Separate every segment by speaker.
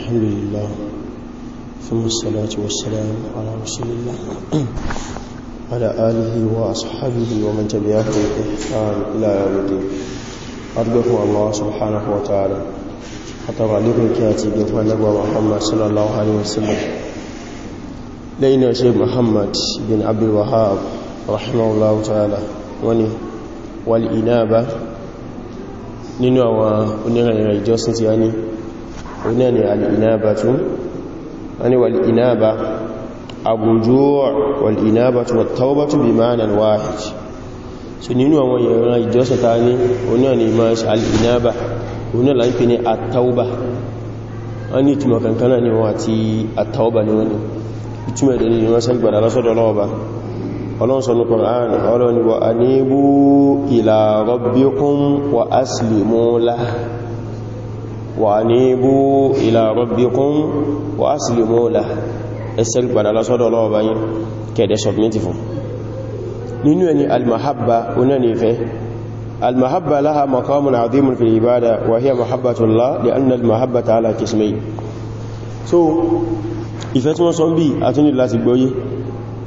Speaker 1: الحمد لله ثم الصلاة والسلام على رسول الله على آله وأصحابه ومن تبعه بإحسان إلى يوم الدين أرجوكم الله سبحانه وتعالى حتى لكم كاتب يفعل نبوة محمد صلى الله عليه وسلم لأن شيخ محمد بن عبد الوهاب رحمه الله تعالى وني والإنابة ننوى ونرى الجوسة يعني oníyàní al'inabatu wani wal'inaba abujuwa wal'inabatu wattaubatu bi ma'anar wahid so nínú àwọn yẹ̀rọ ìjọsẹ̀ ta ní oníyàní máa ṣe al'inaba oníyàlá ń pè ní attauba wọ́n ní ìtumọ̀ kankana ni wọ́n àti attauba ni wọ́n ni ìtumọ̀ ìdẹ̀ ni wọ́n sẹ́gbàdà lọ́sọ́dọ̀ lọ́wọ́ ọlọ́run sọ ní Kùránì ọlọ́run wa aníbú ìlà rabbikum wa aslimu lahu وأنيبوا إلى ربكم وأسلموا له ẹsẹ̀rí padà lásọ́dọ̀ ọlọ́ọ̀bá yìí kẹ̀dẹ̀ submissive fún nínú ẹni almahabba oná ní ìfẹ́ almahabba láha maqamun adhimun fil ibada wa hiya mahabbatullah li almahabba so ìfẹ́ tí wọ́n sọ bí àtúnlẹ̀ láti gbọ́yé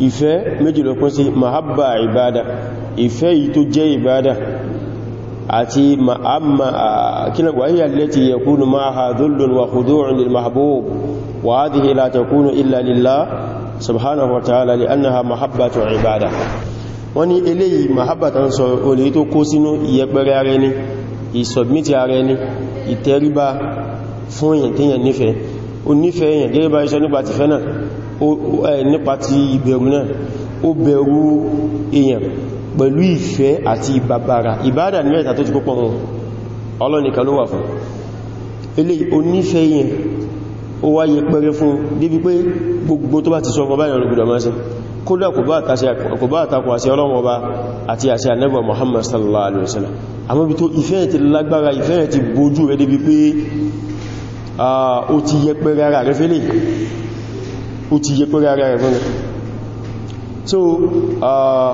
Speaker 1: ìfẹ́ méjì ló pín sí mahabba tó jẹ́ ibada àti ma'amma kílọ̀gbà yíya lẹ́tí yẹ kúnu máa ha dhullun wa khudu'un lil mahbub wa hadhihi la takunu illa lillah subhanahu wa ta'ala li annaha mahabbatu ibada wọ́n ní eléyìí mahabbatan sọ olè tó kó sínú ìyẹpẹrẹ pẹ̀lú ìfẹ́ àti ìbàbàrà ìbádà ní ẹ̀ta tó ti púpọ̀ wọn ọlọ́nìkan ló wà fún ilé onífẹ́ yẹn ó wáyé pẹ̀rẹ fún débi pé gbogbo tó bá ti sọ ọgbọ̀bá ìrìn olùgbùdọ̀ máa sí kódà kò bá àtakò àṣẹ ọlọ́run ọba àti àṣẹ ànẹ́bà Muhammad sallallahu alaihi wasallam àmọ́ bí tó ìfẹ́ ti lágbára ìfẹ́ ti bojú rẹ̀ débi pé ó ti yẹpẹrẹ ara rẹ̀ fẹ́lẹ̀ ó ti yẹpẹrẹ ara rẹ̀ fẹ́lẹ̀ so uh,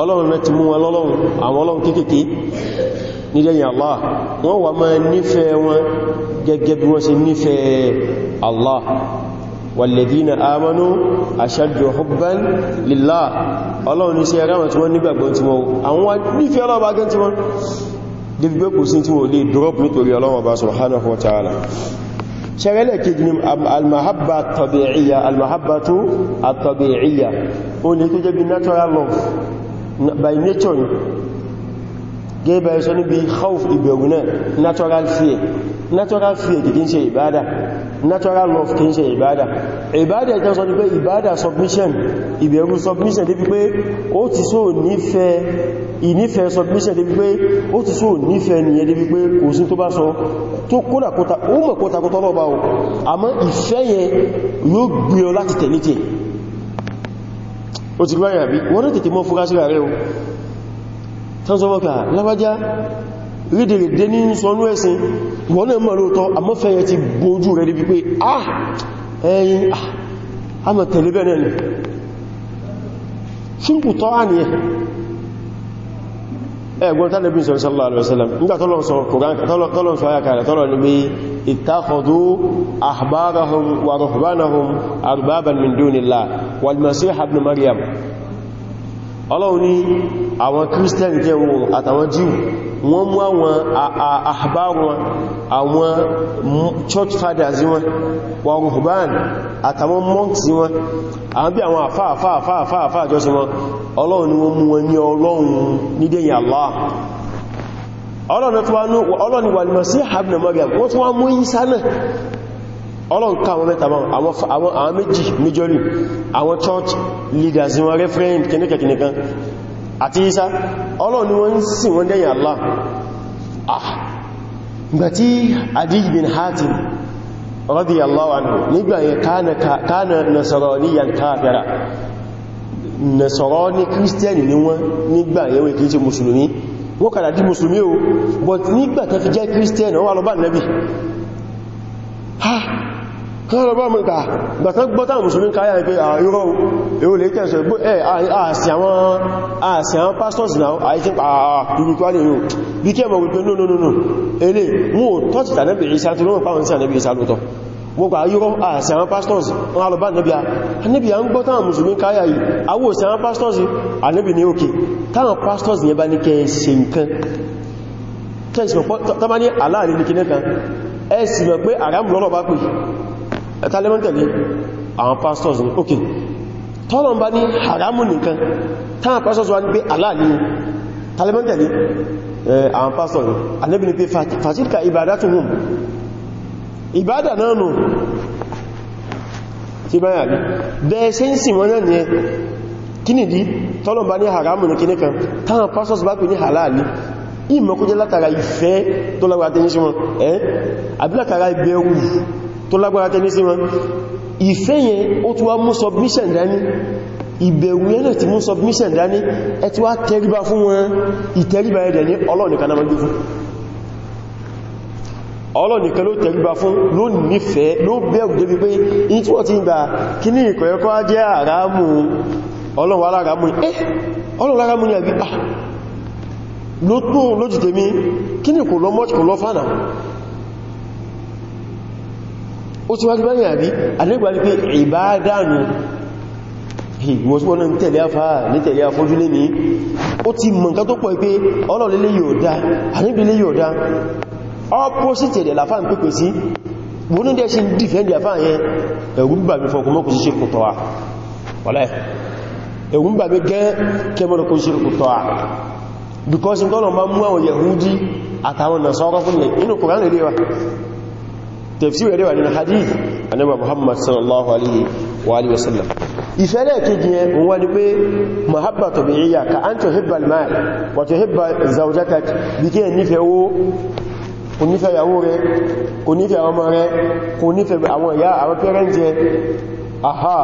Speaker 1: ọlọ́run náà ti mú wọn lọ́lọ́run àwọn ọlọ́run kéèkéé nílẹ̀yìn Allah wọ́n wà máa nífẹ̀ẹ́ wọn gẹ́gẹ́ bí wọ́n ṣe nífẹ̀ẹ́ Allah walladhina amanu ashaddu hubban lillah ọlọ́run ní sí ẹ̀ráwọn tí wọ́n nígbàgbọ́ tí wọ́n àwọn nífẹ̀ẹ́ ọlọ́ọ̀bá gẹ́ tí wọ́n débi pé kò sí tí wọ́n lè drop nítorí ọlọ́run ọba by nature ni gẹ́gẹ́ bá ẹ̀ṣọ́ níbi khawf ìbẹ̀rù náà natural fear natural fear kìí ṣe ìbádà natural love kìí ṣe ìbádà ìbádà ìtẹ́ sọ ní pé ìbádà submission ìbẹ̀rù submission débi pé ó ti só nífẹ́ ìnífẹ́ submission débi pé ó ti só nífẹ́ nìyẹn débi pé kò sí tó bá sọ tó kódà kóta ó mọ̀ kótakótọ́lọ́ba o àmọ́ ìfẹ́ yẹn ó ti báyìí àbí wọ́n náà tètè mọ́ fúra sí rẹ̀ o tán sọ wọ́pẹ́ lábájá rídèrèdé ní sọnú ẹ̀sìn wọ́n náà mọ̀ lóòtọ́ àmọ́fẹ́yẹ ti bójú rẹ̀ débi pé ah ẹ̀yìn ah mọ̀ tẹ̀lé bẹ́ẹ̀ اتخذوا أحبارهم ورهبانهم أربابا من دون الله والمسيح ابن مريم ọlọ́run ní àwọn kírísítẹ̀n jẹ́ wọn àtàwọn jíù wọ́n mú àwọn àhàbá wọn àwọn church fathers wọn wọn ruhban àtàwọn monks wọn àwọn bí àwọn àfáàfáàfáàfáà jọ́sí wọn ọlọ́run wọ́n mú wọn ní ọlọ́run nídẹ̀yìn Allah ọlọ́ni wà Masiha ibn Maryam wọ́n tún wá mú Ìsá náà ọlọ́n ká àwọn mẹ́ta àwọn méjì méjọ́rì àwọn church leaders wọn referent kìnnìkẹ̀kìnnìkan àti Ìsá ọlọ́ni wọ́n ń sìn wọ́n dẹ́yìn Allah ah gbàtí Adi bin Hatim radiyallahu anhu nígbà yẹn kánà nasaraniyan kafira nasarani kírísítẹ́nì ni wọ́n nígbà yẹn wọ́n kìí ṣe mùsùlùmí wọ́n kàdà di musulmi o but nígbàtà fi jẹ́ christian wọ́n wà lọ bá nẹ́bì ha kọ́nà lọ bá mú ìgbà gbàtà gbọ́ta musulmi káyà pé àìrọ́ èrò lè kẹsọ̀ gbọ́ ẹ̀ àṣì àwọn pastors now i think spiritual yóò bí kí ẹmọ̀ wípé no no no no ele mú tọ́tì tànẹ́bì ìsá tó lọ́wọ́ pàwọn sí ànẹ́bì ìsá lótọ́ mo gbà yíò àṣì àwọn pastors wọ́n lọ bá nẹ́bì à nẹ́bì à ń gbọ́ta musulmi káyà yìí awó sí àwọn pastors ànẹ́bì ní òkè táwọn pastors yẹn bá ní kẹ́ ṣe nǹkan tọ́bá ní aláàrí ní kìnnẹ́kan ẹ sì mọ̀ pé àrámù lọ́rọ̀ bá pè ẹ̀ta lẹ́mọ́ tẹ̀lé àwọn pastors ní ok tọ́lọ̀ bá ní àrámù nìkan táwọn pastors wá ní pé aláàrí ní tàlẹ́mọ́ tẹ̀lé pastors anẹ́bìnì pé fàtíkà ìbádà tó hùn ìbádà náà nù tí kínìdí tọ́lọ̀n bá ní haramu ní kìníkan táwọn pastors bá pè ní halali ìmọ̀ kó jẹ́ látara ìfẹ́ tó lágbára tẹ́ ní sí wọn ẹ́ àbí látara ìbẹ̀rù tó lágbára tẹ́ sí wọn ìfẹ́ yẹn ó tún wá mú submission dání ìbẹ̀rù yẹn náà ti mú submission dání ẹ ti wá tẹríba fún wọn ìtẹríba ẹ̀dẹ̀ ní ọlọ́nìkan náà gbé fún ọlọ́nìkan ló tẹríba fún ló nífẹ̀ẹ́ ló bẹ̀rù débi pé in tí wọ́n ọlọ́run alára mú ní eh, ọlọ́run alára mú ní àbí ah lójú tèmi kí ní kò lọ mọ́ch kò lọ fánà ó ti wá gbá ní àbí alẹ́gbà ní pé ìbádánù ìwọ̀síwọ́n tẹ̀lé afá ní tẹ̀lé ní ó ti mọ̀ tó pọ̀ pé ọlọ́lẹ́lẹ́ yóò dá àníbìlẹ́ yóò dá ń sí wọ́n ní ẹ̀rùn bà mí gẹ́ kẹmọ́nà kó ṣírùkù tọ́ à because tọ́nà ma mú àwọn yahudi àtàwọn nasọ́rọ̀ fún ní inú kùrán lè déwà tafsir rẹ̀ déwà nínú hadith annabi muhammad sallallahu alaihi wa alihi wasallam ìfẹ́lẹ̀ kejì yẹn ń wá ní pé mahabba tabi'iyya ka an tuhibba al-mal wa tuhibba zawjatak kò nífẹ̀ẹ́ ìyàwó ọmọ rẹ̀ kò nífẹ̀ẹ́ àwọn ìyá àwọn pẹ́rẹ́ntì aha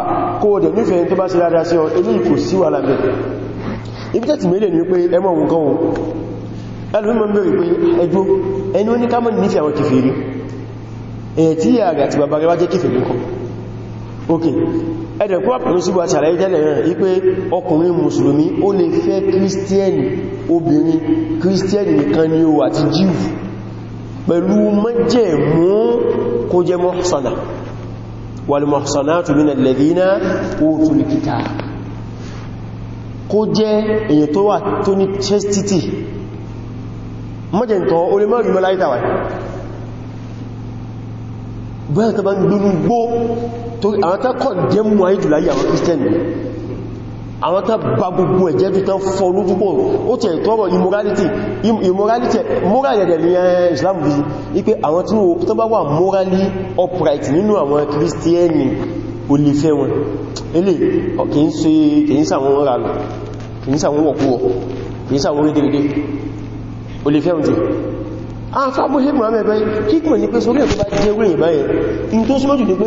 Speaker 1: kó o dẹ̀ nífẹ̀ẹ́ tó bá ṣe dáadáa sí ọ ilé ìkò sí wà lábẹ́ ibi tẹ́tì mẹ́lẹ̀ ni pé ẹmọ òun kan ẹlùmí mọ́ bẹ̀rẹ̀ pé ẹjọ́ ẹni ó ní kámọ́ nífẹ̀ẹ́ àwọn kèfèrí ẹ̀yẹ tí ìyà rẹ̀ àti bàbá rẹ̀ wá jẹ́ kèfèrí kan ok ẹ̀dẹ̀ kó àpẹẹrẹ jẹ́ mọ́ sọ̀nà والمحصنات من الذين اوتوا الكتاب kó jẹ́ èyàn tó wà tó ní chastity mọ́jẹ̀ nǹkan o lè mọ́ rí mọ́láítà wà bóyá tó bá ń gbínú gbó tó àwọn tákọ̀ jẹ́ mú ayé jùlá yàwọn christian àwọn tó bá gbogbo ẹ̀jẹ́ tó tán fọ́ olójúkò ó tẹ̀ tọ́rọ immorality immorality moral ẹ̀dẹ̀ ní eh, Islam bí i pé àwọn tí ó tán bá wà morally upright nínú àwọn kírísítíẹ́nì ó lè fẹ́ wọn ilé kìí ṣe kìí sàwọn rànù kìí sàwọn wọ̀kúwọ̀ kìí sàwọn rédèrèdè ó lè fẹ́ wọn jù àfábò hébùn àmì ẹ̀bẹ̀ kíkùn ní pé sórí ẹ̀ tó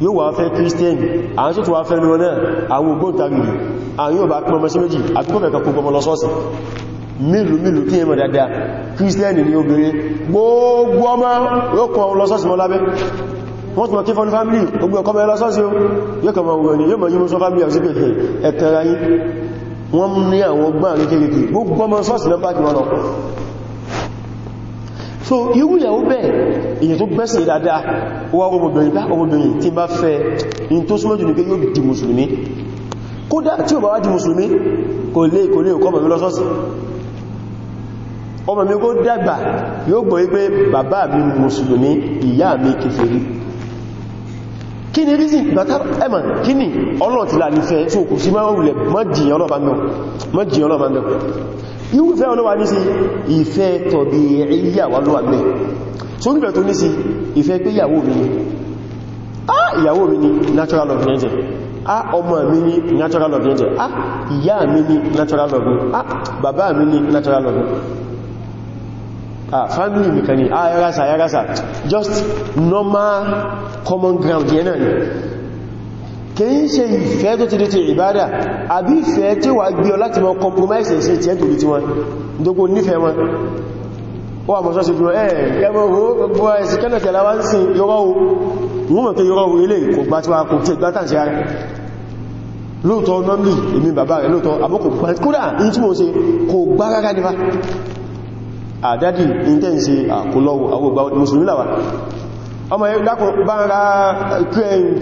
Speaker 1: yóò wà fẹ́ christian àwọn tó tó wà fẹ́ lọ náà àwọn ògbóntarìrì àwọn yóò bá pín ọmọ sí méjì àti kó fẹ́kọ̀ púpọ̀ lọ sọ́ọ̀sì mílù mílù tí ẹmọ̀ dáadáa christian ni obìnrin gbogbo ọmọ yóò kọ lọ sọ́ọ̀sì mọ́ lábẹ́ wọ́n tí wọ́n kí fún fámílì ogun ọkọ̀ mẹ́lá sọ́sí o yóò kọ̀ mọ̀ wọ̀nyí yóò mọ̀ yí mú sọ fámílì àti pẹ̀lẹ̀ ẹ̀tẹ̀ra yí wọ́n ní àwọn ọgbọ́n àríkẹ́kẹ́kẹ́ gbogbo ọmọ sọ́sì lọ́pàá kí wọ́n lọ so irú ìyàwó bẹ́ẹ̀ èyí tó gbẹ́sìn dáadáa wà ọmọbìnrin bá ọmọbìnrin tí bá fẹ́ in tó súnmọ́ jù ní pé yóò di mùsùlùmí kódà tí ó bá wá di mùsùlùmí kò lè kò lè kọ́ mọ̀mí lọ́sọ́sì ọmọ mi kó dàgbà yóò gbọ́ wípé bàbá mi mùsùlùmí ìyá mi kèfèrí kí ni rízì gbàtà ẹmà kí ni ọlọ́ọ̀tí nífẹ́ tí ò kò sí máa wùlẹ̀ mọ́ jìyàn ọlọ́ọ̀bá irúfẹ́ olówà ní sí ìfẹ́ tọ̀bí ìyàwó ló àgbẹ̀ tó nífẹ́ tó ní sí ìfẹ́ pé ìyàwó mi ni ah ìyàwó mi ni natural love nẹ́jẹ̀ ah ọmọ mi ni natural love nẹ́jẹ̀ ah ìyá mi ni natural love ni ah bàbá mi ni natural love ni ah family mi kan ni ah yárásà yárásà just normal common ground yẹn náà kìí ṣe ìfẹ́ tó ti di ti ìbádà àbí ìfẹ́ tí wà gbí ọ láti mọ́ compromise ìṣẹ́ tí ẹ́ tó di ti wọn dókò nífẹ́ wọn wọ́n àmọ́ sọ́sọ́ bí wọ́n ẹ̀ ẹmọ́ gbogbo ẹ̀sì kẹ́nẹ̀kẹ́lá wá ń sin yọ́rọ̀ wọ́n mọ̀ pé yọ́rọ̀ ilé kò gbá tí wá kò tí ìgbátà sí ara lóòtọ́ nọ́mì èmi bàbá rẹ̀ lóòtọ́ àbọ́kò kódà ní tí mo ṣe kò gbá rárá nípa àdádì intense àkólọ́wọ́ àwọn ògbà mùsùlùmí làwà ọmọ yẹn dákùn bá ń ra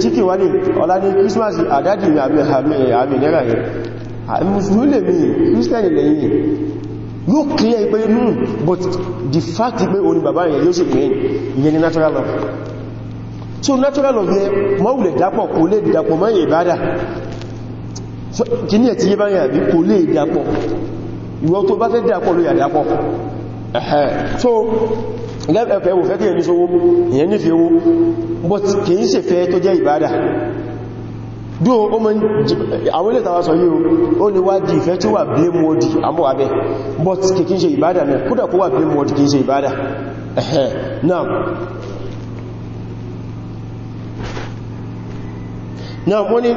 Speaker 1: chicken wálé ọ̀la ní Christmas àdádì àmì nẹ́ra yẹn musulmi lè mi Christian lẹ́yìn yóò clear pé nù hmm, but the fact pé o ní bàbá yẹn yóò sì pé ìyẹn ni natural law so natural law yẹn mọ́wùlẹ̀ dápọ̀ kò lè dápọ̀ mọ́ ìbádà kí ní ẹ̀ tí yé bá yà bí kò lè dápọ̀ ìwọ tó bá fẹ́ dápọ̀ ló yà dápọ̀ so lẹ́pẹ̀ẹ́ wò fẹ́ kí ẹni sówó ìyẹn ní fi owó but kìí ṣe fẹ́ tó jẹ́ ìbádà dúó o mọ́ àwọn ilẹ̀ tàwà sọ yíò ó lè wá di ìfẹ́ tí ó wà blameworthy àmọ́ abẹ́ but kìí ṣe ìbádà náà kódà kó wà blameworthy kìí ṣe ìbádà ẹ̀hẹ́ náà náà wọ́n ni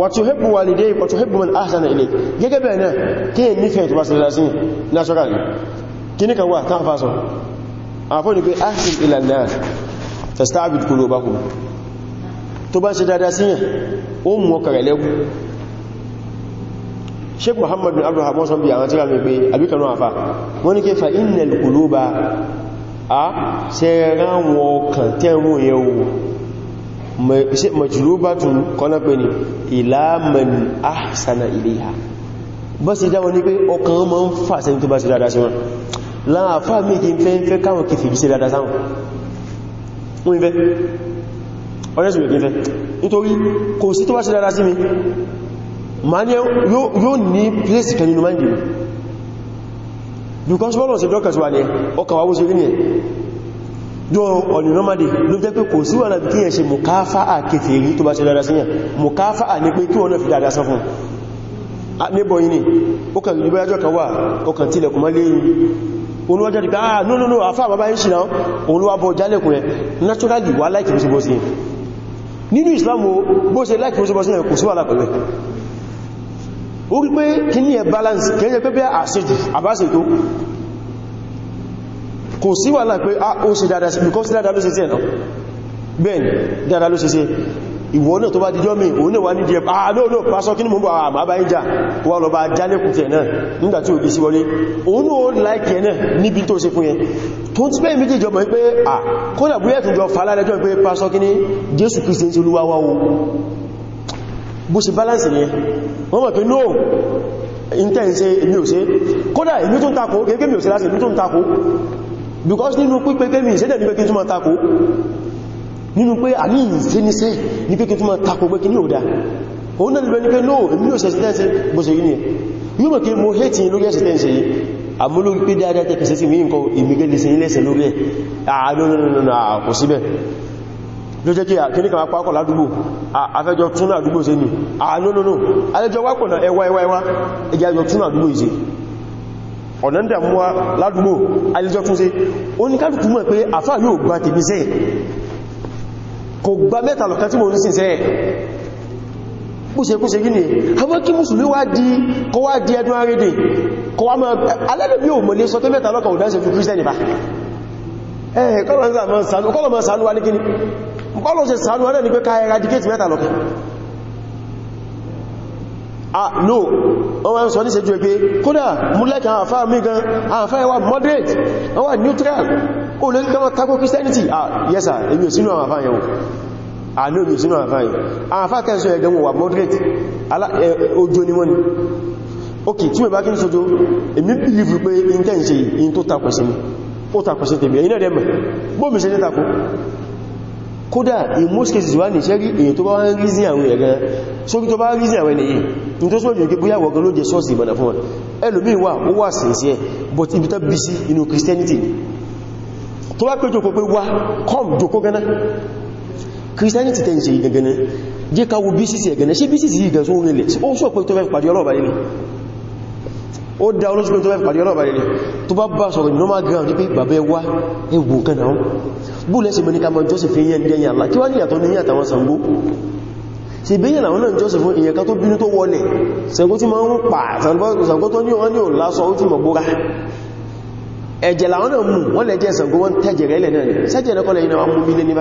Speaker 1: wàtúhẹ́bù wàlìdẹ́ wàtúhẹ́bù mọ̀ kíní kan wà tán fásọ àfọ́ ni pé ahsin ila an-nas tasta'bid qulubakum tó bá ṣe dáadáa síyàn ó mú ọkàrẹ̀ lẹ́kù sheik muhammadu abdullahi wọ́n sọ bí àwọn tíra mẹ́gbẹ́ àbíkanú àfá wọ́n ní kí fa innal quluba a ṣe ránwọ ọkàn tẹ́wọ̀n yẹ̀wò majlubatun kọ́nà pé ni ila man ahsana ilayha bá sì dáwọn ní pé ọkàn ma ń fà sẹ́ni tó bá ṣe dáadáa sí wọn láàá fà méjì ń fẹ́ ń fẹ́ káwọn kìfì bí sẹ́lẹ̀ àdásáwọn wọ́n ìfẹ́ ọ̀rẹ́sì rẹ̀ ìfẹ́ nítorí kò sí tó wá sẹ́lẹ̀ àdásí mi ma ní yóò ní pléṣì kan nínú máìdì because bọ́lọ̀ sí dọ́kà síwá ní ọkà wáwó sí rí ní ẹ̀ jọ ọ̀nìyànmàdì ló jẹ́ pé kò sí wà náà kí ẹ̀ ṣe mùkáfàá kèfèé rí tó bá ṣe dáadáa síyàn mùkáfàá ní pé kí wọ́n náà fi dáadáa sán fún níbọ̀ yìí ni ó kàn rí báyájọ́ kan wà ọkàn tílẹ̀kùnmá léyìn olúwa jẹ́ dìkà ah no no no afá bàbá yìí ṣìnà olúwa bọ̀ jálẹ̀kùn rẹ̀ naturally wà láìkì bóṣe bóṣe nínú Islam bó ṣe láìkì bóṣe bóṣe kò sí wà lápẹ̀lẹ̀ ó rí pé kí ní ẹ balance kẹ́yẹ pé bẹ́ àṣejù àbáṣe tó kò sí wà láìpẹ́ ah, ó ṣe dáadáa sí because dáadáa ló ṣe sí ìwọ náà tó bá díjọ́ mi òun náà wá ní df ah no no pásọ kí ní mú bọ̀ àmà ah, bá ń jà wà lọ bá jálẹ́kùtẹ̀ náà nígbàtí ò lè sí wọlé òun náà láìkẹ̀ náà níbi tó ṣe fún yẹn tó ti bẹ́ẹ̀ méjì jọmọ̀ pé à ah, kódà búyẹ̀ tó jọ falálẹ́jọ́ pé pásọ kí ní Jésù Kristi ti Olúwa wa o bó ṣe balance yẹn wọ́n mọ̀ pé no intense èmi ò ṣe kódà èmi tó ń takò kéèkéèmì ò ṣe láti èmi tó ń takò because nínú pípẹ́ kéèmì ìṣẹ́dẹ̀ nígbẹ́kí tó máa takò nínú pé àní ìṣe níṣẹ́ ní pé kí tó máa takò pé kí ní òdá òun náà lè ní pé lóò èmi yóò sẹ̀sẹ̀ tẹ́ẹ̀sẹ̀ gbọ́sẹ̀ yìí ni yóò mọ̀ kí mo hẹ́tì lórí ẹ̀sẹ̀ tẹ́ẹ̀sẹ̀ yìí àmúlò pé dáadáa tẹ́kẹsẹ̀ sí mìí nǹkan ìmìgẹ́lẹ́sẹ̀ ilẹ́sẹ̀ lórí ẹ̀ àádọ́nà kò síbẹ̀ ló a kí ni tún sí mọ̀ pé àfáà yóò tèbí kò gba mẹ́ta lọ̀kan tí mo ń sìn sẹ́ẹ̀ púṣekúṣe gíní àwọn kí mùsùlùmí wá di kó wá di ẹdún arédè kó wá mọ́ alẹ́lẹ́bí ò mọ̀ lé sọ pé mẹ́ta lọ́kan ò dáṣe fún kírísítẹ́nì bá ẹ̀ẹ̀ kọ́lọ̀mọ̀ sàánú wá ní kíní bọ́lọ̀ ṣe sàánú wá náà ní pé ká eradicate mẹ́ta lọ́kan ah no wọ́n wọ́n sọ ní ṣe jù pé kódà múlẹ́kà àfáà mí gan àfáà wà moderate wọ́n wà neutral ó lè kama tako christianity ah yes sir èmi ò sínú àwọn àfáà yẹn àánú ah, èmi ò sínú àwọn àfáà yẹn àwọn àfáà kẹsọ ẹgbẹ́ wọn wà moderate ojo ni wọ́n ni ok tí mẹ́ bá kí ń sojo èmi believe pé intense in tó tako sí mi ó tako sí tèmi ẹ̀yìn ẹ̀dẹ̀mẹ̀ bóòmì ṣe tako kódà in most cases wá ní ṣẹ́rí èyí tó bá wá ń rí sí àwọn ẹ̀gán sórí tó bá rí sí àwọn ènìyàn ní tó sọ́jọ́ ìgbé bóyá wọ̀gán ló jẹ sọ́ọ̀sì ìbàdàn fún wọn ẹlòmíì wà ó wà sí ẹ̀ but ibi tó bí sí inú christianity tó wá pé jòkó pé wá com jòkó gánà christianity tẹ́ ìṣe ìgẹ̀gẹ̀nẹ́ jẹ́ káwò bcc ẹ̀gẹ̀nẹ́ sí bcc ìgẹ̀ tó rinlẹ̀ ó sọ pé tó fẹ́ pàdé ọlọ́ọ̀bá ilẹ̀ ó dá olóṣùpé tó fẹ́ pàdé ọlọ́ọ̀bá ilẹ̀ tó bá bá sọ̀rọ̀ normal ground pé bàbá ẹwà ẹwù kan náà búlẹ̀ sí mẹ́ríkà mọ́ joseph yẹn dẹ́yìn àlá kí wá ní ìyàtọ̀ ní àtàwọn Ṣàngó ti bí ìyànà náà jọ́sẹ̀ fún ìyẹn kan tó bínú tó wọlé Ṣàngó tí ma ń pàá Ṣàngó tó ní wọ́n ní ò lásọ ó tí mọ̀ bóra ẹ̀jẹ̀ làwọn náà mú wọ́n lẹ́jẹ̀ Ṣàngó wọ́n tẹ́jẹ̀ rẹ̀ lẹ̀ náà ni sẹ́jẹ̀ náà kọ́lẹ̀ yìí náà mú mi lé ní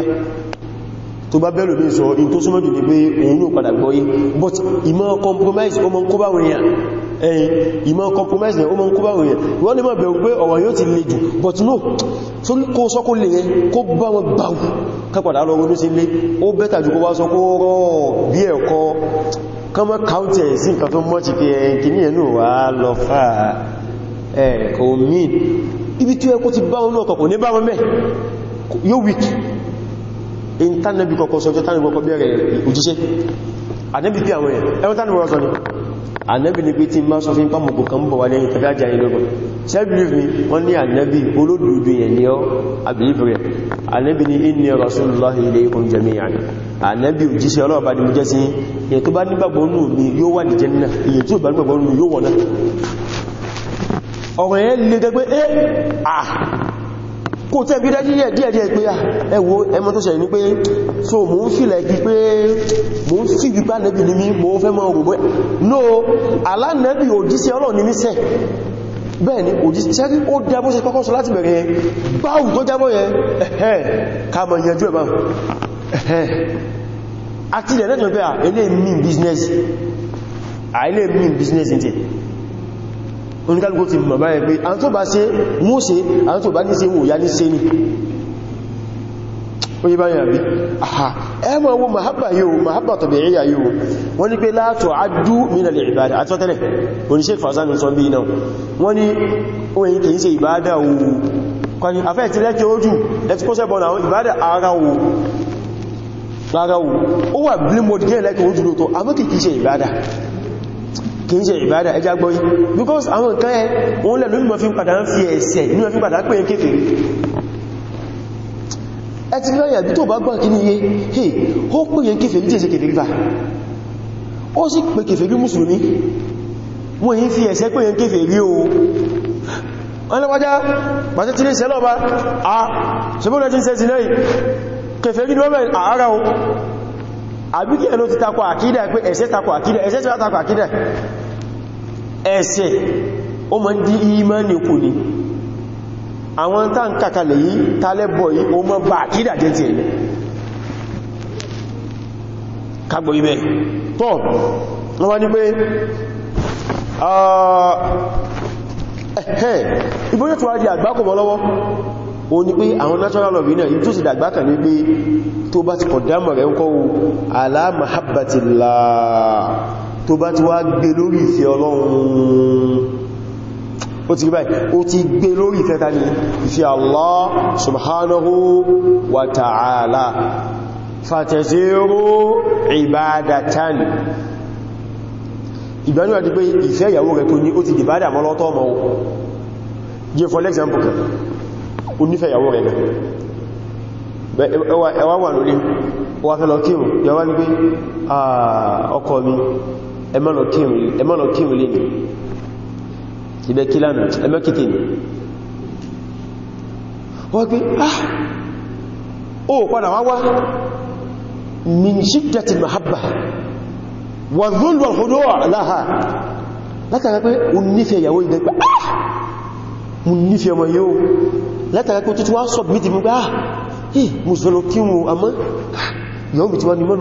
Speaker 1: tó bá bẹ́lò ní sọ in tó súnmọ́ jù ní pé òun but ìmọ̀ compromise o mọ́ ń kóbá compromise ní o mọ́ ń kóbá wòye wọ́n ní yóò ti le but no tó kó sọ́kó lè yẹn kó bá wọn báwù kápadà lọ ronú sí ilé ó bẹ́tà jù kó wá sọ kó rọ̀ bí ẹ̀kọ́ kọmọ káúntẹ̀ sí nǹkan tó mọ́ ti fi ẹ̀yìn kìíní ẹ̀nù wà lọ fà ẹ̀kọ́ míì ibi tí ó ẹkú ti bá wọn náà kọ̀kọ̀ ní bá wọn mẹ́ yóò wíkì in tánàbí kọ̀kọ̀ sọjọ́ tánàbí kọ̀kọ̀ bẹ̀rẹ̀ òjíṣẹ́ ànẹ́bí pí àwọn ẹ̀rọ tánàbí wọ́n sọ ni ànẹ́bí ni pé tí máa sọ fi ń pá mọ̀gbọ̀ believe me wọ́n ní ànẹ́bí olódùdù yẹn ni ọ́ àbìlífì rẹ̀ ànẹ́bí ni inni rasulullahi ilaykum jami'an ànẹ́bí òjíṣẹ́ ọlọ́ọ̀bá ni mo jẹ́ sí yẹn tó bá nígbàgbọ́ nù mi yóò wà ní jannah èyí yóò wọ̀ náà ọ̀rọ̀ yẹn lè jẹ́ pé ah kò tẹ́ bí dájí díẹ̀ díẹ̀ díẹ̀ pé ẹwọ ẹmọ tó ṣẹ̀yìn ní pé so mo ń fìlẹ̀ kí pé mo ń fi gbígbá nẹ́bì ní mí mo fẹ́ mọ́ ọgbọ̀gbọ́ no alánẹ́bì òjíṣẹ́ Ọlọ́run ní mísẹ̀ bẹ́ẹ̀ ni òjíṣẹ́ rí ó dẹ́ bó ṣe kọ́kọ́ sọ láti bẹ̀rẹ̀ yẹn báwù tó jábọ́ yẹn ẹ̀hẹ́ ká mọ̀ ìyẹjú ẹ̀ báwù ẹ̀hẹ́ àti ilẹ̀ lẹ́jọ́ pé à business à ilé business ní oníkálùkù ti mọ̀ báyẹ̀ pé àwọn tó bá ṣe mú ṣe àwọn tó bá ní ṣe wò yá ní ṣe ní oye báyẹ̀ àbí àhà ẹmọ̀ owó mahabba yóò mahabba tabi'iyya yóò wọ́n ní pé la tu'addu min al-ibada àti tọ́tẹ́lẹ̀ oníṣẹ́ fàzánù sọ bí náà wọ́n ní oyin kìí ṣe ìbádà wò kwani afẹ́ ti lẹ́kẹ́ ojú ẹti kó sẹ́bọ̀n àwọn ìbádà ara wò rárá wò ó wà blimod gẹ́ lẹ́kẹ́ ojú lóòtọ́ àmọ́ kìí ṣe ìbádà kìí ṣe ìbádà ẹjá yìí because àwọn nǹkan ẹ wọ́n lẹ̀ lórí mọ́fí padà ń fi ẹ̀ṣẹ̀ nínú ẹ̀fí padà pè ń kéfèé ẹ ti lọ́yà bí tó bá gbọ́ kí ní iye hey ó pè yẹn kéfèé tí èsẹ kéfèé rí bá ó sì pè kéfèé rí mùsùlùmí wọ́n yìí a ṣebúrẹ́ tí ń ṣe sílẹ̀ kéfèé rí lọ́wẹ́ àárá o àbíkẹ́ ló ti takọ̀ àkídà pé ẹ̀ṣẹ̀ takọ̀ àkídà ẹ̀ṣẹ̀ tí wá takọ̀ àkídà ẹ̀ṣẹ̀ ó ma ń dí ìmánì kù ní àwọn tá ń kàkalẹ̀ yìí tálẹ́bọ̀ yìí ó mọ́ bá àkídà jẹ́ ti ẹ̀lẹ́ kagbọ̀ ibẹ̀ tọ́ wọ́n wá ní pé ah, ẹ̀hẹ́ ìbóyẹ̀ tó wá di àgbákò mọ́ lọ́wọ́ ó ní pé àwọn natural love náà yìí tó sì dàgbà kà ní pé tó bá ti kọ̀ dámọ̀ rẹ̀ ń kọ́ ala mahabbatillah tó bá ti wá gbé lórí ìfẹ́ ọlọ́run ó ti báyìí ó ti gbé lórí ìfẹ́ ta ní ìfẹ́ Allah subhanahu wa ta'ala fàtẹ̀sẹ̀rọ ìbádàtàn ìgbẹ́nu àti pé ìfẹ́ ìyàwó rẹ̀ tó ní ó ti dìbádà mọ́lọ́tọ́ ọmọ ohun jẹ́ for example kan ó nífẹ́ ìyàwó rẹ̀ náà ẹwà wà lórí wà fẹ́ lọ kírùn yàwó ní pé ah, ọkọ mi ẹmọ́nà kíìmù lè ní ibẹ̀ kí lánà ẹmọ́kìtì ní wọ́n pé ah o padà wá wá min shiddatil mahabba wà zúlù ọ̀húdó aláha látara pé o nífẹ́ ìyàwó ìdẹ́ pé ah mo nífẹ́ ọmọ yóò látara pé tuntun wá sọ bí ti mú pé ah eh kí wọn àmọ́ yọ́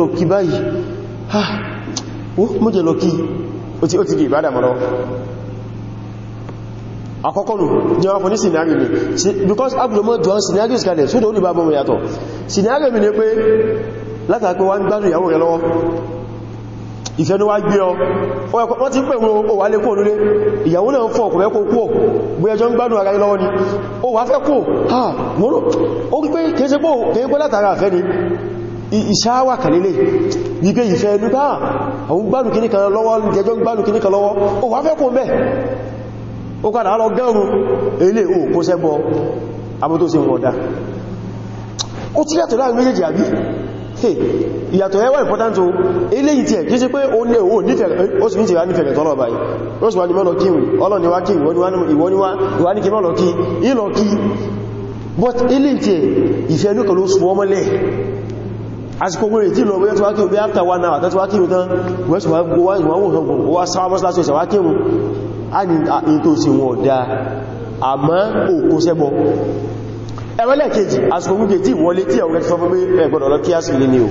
Speaker 1: ó mọ́jẹ̀ lọ kí o ti ó ti di ìbádà mọ́lọ́ àkọ́kọ́ nù ní ọmọ ní scenario ni because agbùlọmọ́ jọ ń scenario skalẹ̀ sódò ó dìbà bọ́mọ̀ yàtọ̀ scenario mi ni pé látàpẹ́ wá ń gbádùn ìyàwó rẹ̀ lọ́wọ́ ìfẹ́nú wá gbé ọ wọ́n ti pẹ̀ wọn ó wà lè kó lórí ìyàwó náà fún ọkùnrin kó kó gbẹ́ẹjọ́ ń gbádùn ara lọ́wọ́ ni ó wà fẹ́ kó ha mọ́rọ̀ ó rí pé kéèsẹ́ pọ̀ látara àfẹ́ ni ìṣáwà kàlélẹ̀ wípé ìfẹ́ ẹnu bá àwọn gbádùn kìíní kan lọ́wọ́ jẹjọ́ gbádùn kìíní kan lọ́wọ́ ó wá fẹ́ kún bẹ́ ó kàdà lọ gẹ́rùn ilé ò kó sẹ́bọ̀ abútó sí wọ̀dá ó tí yàtọ̀ láàrin méjèèjì àbí ìyàtọ̀ ẹwà important o eléyìí tí ẹ̀ kí sí pé ó ní owó nífẹ̀ẹ́ ó sì ní ti rá nífẹ̀ẹ́ tọ́lọ̀ báyìí ó sì wá ní mọ́lọ̀ kíwì ọlọ́niwá kíwì ìwọ́niwá ní kí mọ́lọ̀ kí ìlọ kí but eléyìí tí ẹ̀ ìfẹ́ ẹnú kan ló sùwọ́mọ́lẹ̀ àsìkò wọ́n rẹ̀ tí lọ wọ́n tó wákí obi after one hour tó wákí ìrùtán wọ́n wọ́n sáwọn mọ́sílásí ọ̀sẹ̀ wákí ìrùn a ní ètò sí wọn ọ̀dá àmọ́ òkú sẹ́bọ̀ ẹwẹ́lẹ̀ kejì àsìkò wípé tí wọlé tí ẹ̀wọ̀n tó fọ́fọ́ pé ẹgbọ́dọ̀ lọ kí àsìlẹ̀ ni o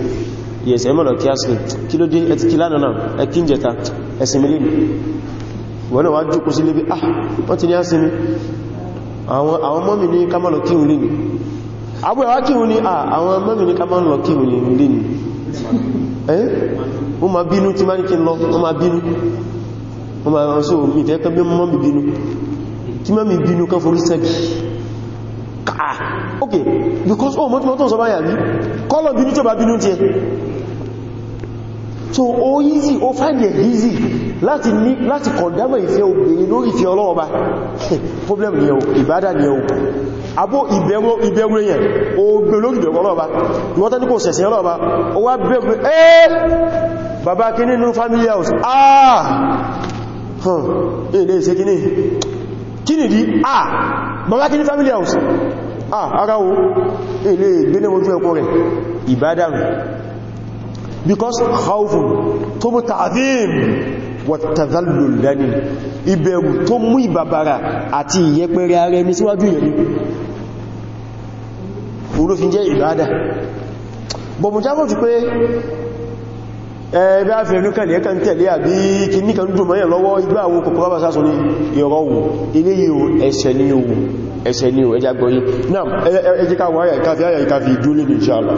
Speaker 1: yes ẹmọ́ lọ kí àsìlẹ̀ kí ló dé ẹti kí lánàá ẹkí jẹta ẹsìn milé ni wọ́n náà wá jókòó sí lébi ah wọ́n ti ní àsìlẹ̀ àwọn mọ́mí ní kámọ́lọ̀ kí òun lè ní àbúrò wá kírun ní àwọn mọ́mí ní kàmà lọ kírun ní ilé ni ẹ́ wọ́n ma bínú tí má ní kí lọ wọ́n ma bínú wọ́n ma rán sí omi ìtẹ́kọ́ bí mọ́mí bínú kí mọ́mí bínú kan forí sẹ́gbì káà ok because o oh, mọ́tí mọ́tí sọ́bá yà rí kọ́lọ̀ bínú tí ó bá bínú tí so o easy o find it easy láti ní láti kọ̀dámọ̀ ìfẹ́ obìnrin lórí ìfẹ́ ọlọ́ọ̀ba problem ni ẹ̀ ìbádà ni ẹ̀ abó ìbẹ̀rù èyàn ó gbé lórí ìbẹ̀rù ọlọ́ọ̀bá ìwọ́n tẹ́lú kò sẹ̀sẹ̀ ọlọ́ọ̀bá ó wá bẹ̀rù ẹ́ bàbá kí nínú family house ah ilé ìṣẹ́ kíní ni di. ah bàbá kí ní family house ah ara o ilé ìgbéné ojú ẹ̀kọ́ rẹ̀ ìbádàrù because khawfun tó mú ta'zim wàtàzàlùlẹ́ni ìbẹ̀rù tó mú ìbàbàrà àti ìyẹpẹrẹ ara ẹni síwájú ìyẹni òun ló fi jẹ́ ìbádà bọ̀ mú jábọ̀ jù pé ẹ̀ẹ́bẹ́ àfẹ́ẹ̀nú kan lẹ́ẹ̀kan tẹ̀lé àbí kí ní kan dùn mọ́yàn lọ́wọ́ igbá àwọn kòkòrò bá sásọ ní ìrọ̀ wù ilé yíò ẹ̀ṣẹ̀ ní òwù ẹ̀ṣẹ̀ ní òwù ẹjá gbọ́yí náà ẹjẹ́ káwọ́ àyà ìkáfí àyà ìkáfí dúlé ní inshallah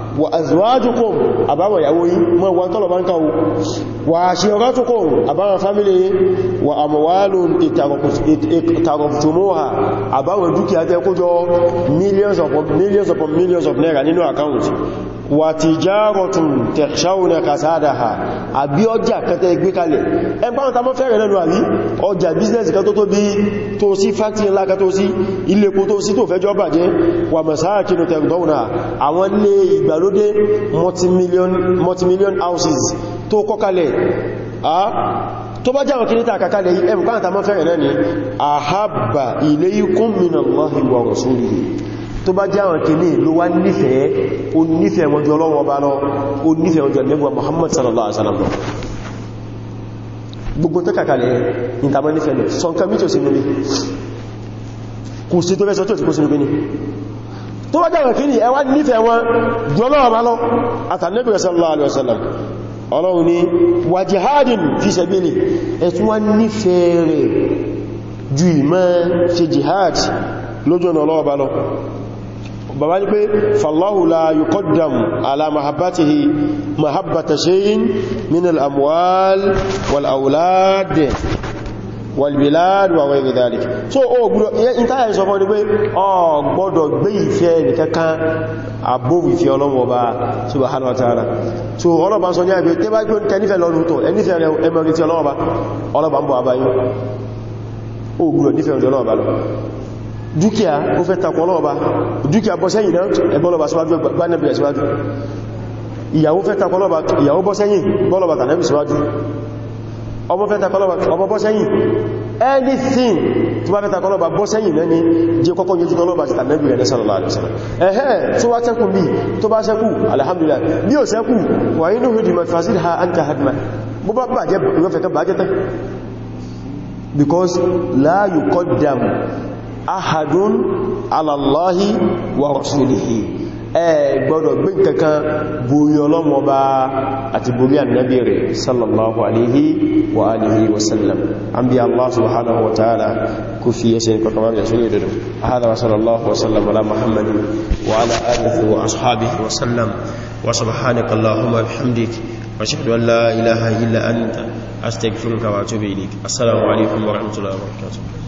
Speaker 1: wà azwajukum àbáwọn ìyàwó yìí mọ́ wọn tọ́lọ̀ bá ń káwò wà ashiratukum àbáwọn fámílì yìí amwalun ìtàrọ̀tùmọ́ha àbáwọn dúkìá tẹ́ kójọ millions of millions of naira nínú account wà tijaratun takshawna kasadaha àbí ọjà kẹtẹ gbé kalẹ̀ ẹgbàmọ́ta mọ́ fẹ́rẹ̀ lẹ́nu àbí ọjà bíznẹ́sì kan tó tó bí tó sí fàtí ńlá kan tó sí ilé epo tó sí tó fẹ́ jọba jẹ́ wà masakinu tẹ̀gbọ́nà àwọn ilé ìgbàlódé multimillion multimillion houses tó kọ́kalẹ̀ tó bá jáwọn kìníta àkàkalẹ̀ ẹmùkánta mọ́ fẹ́rẹ̀ lẹ́ni àhábà ilaykum minallahi wa rasulihi tó bá jáwọn kìíní ló wá nífẹ̀ẹ́ o nífẹ̀ẹ́ wọn jọ Ọlọ́run ọba lọ o nífẹ̀ẹ́ wọn jọ nígbà Muhammad sallallahu alaihi wasallam gbogbo tó kàkàlẹ̀ ìtàmọ́ nífẹ̀ẹ́ lọ sọ nǹkan mítò sínú ní kò sí tó fẹ́sọ́ tó ti kó sallallahu alaihi wasallam Ọlọ́run ni wà jihadin fi sabili ẹ̀tún wá nífẹ̀ẹ́ rẹ̀ lójú ọ̀nà ọlọ́ọ̀bá lọ bàbá ní pé fallahu la yuqaddam ala mahabbatihi mahabbata shay'in min al-amwal wal awlad wàlbìláàdù àwọn èrè dáríkì so o gbọ́dọ̀ ìtàyà ìsọ fọ́ ní pé o gbọ́dọ̀ gbé ìfẹ́ nìkankan above ìfẹ́ Ọlọ́run Ọba subhanahu wa ta'ala so ọlọ́ba sọ ní àgbẹ̀ tẹ́bá gbé tẹ́nífẹ́ lọ́rùn tó ẹnífẹ́ rẹ̀ ẹmọ̀rí tí ọlọ́ba ń bọ̀ àbáyé o gbọ́dọ̀ nífẹ́ dúkìá ó fẹ́ takọ̀ ọlọ́ọ̀bá dúkìá bọ́ sẹ́yìn náà ẹgbọ́lọ́bà síwájú gbánẹ́bìrẹ̀ síwájú ìyàwó fẹ́ takọ̀ ọlọ́ọ̀bá ìyàwó bọ́ sẹ́yìn bọ́lọ́bà tànẹ́bì síwájú ọmọ fẹ́ takọ̀ ọlọ́ọ̀bá ọmọ bọ́ sẹ́yìn anything tó bá fẹ́ takọ̀ ọlọ́ọ̀bá bọ́ sẹ́yìn lẹ́ni jẹ́ kọ́kọ́ yóò títọ́ ọlọ́ọ̀bá títà mẹ́bìrẹ̀ ní sallallahu alaihi wasallam ẹ̀hẹ́ tó wá sẹ́kù bí tó bá sẹ́kù alhamdulillah bí ò sẹ́kù wà inú hudu mafasid ha an ta hadma bó bá bàjẹ́ ìwọ́fẹ́ kan bàjẹ́ tán because la yuqaddam ahadun alallahi wa rasulihi ẹ gbọ́dọ̀ gbé kankan borí ọlọ́mọ bá àti borí annabi rẹ̀ sallallahu alaihi wa alihi wasallam an bí allah subhanahu wa ta'ala kú fi ẹsẹ̀ kankan mara yasúlẹ̀ dodo a hada wa sallallahu wasallam ala muhammadin wa ala alihi wa ashabihi wasallam wa subhanaka allahumma bihamdik wa shahadu an la ilaha illa anta astaghfiruka wa atubu ilaik assalamu alaikum wa rahmatullahi wa barakatuh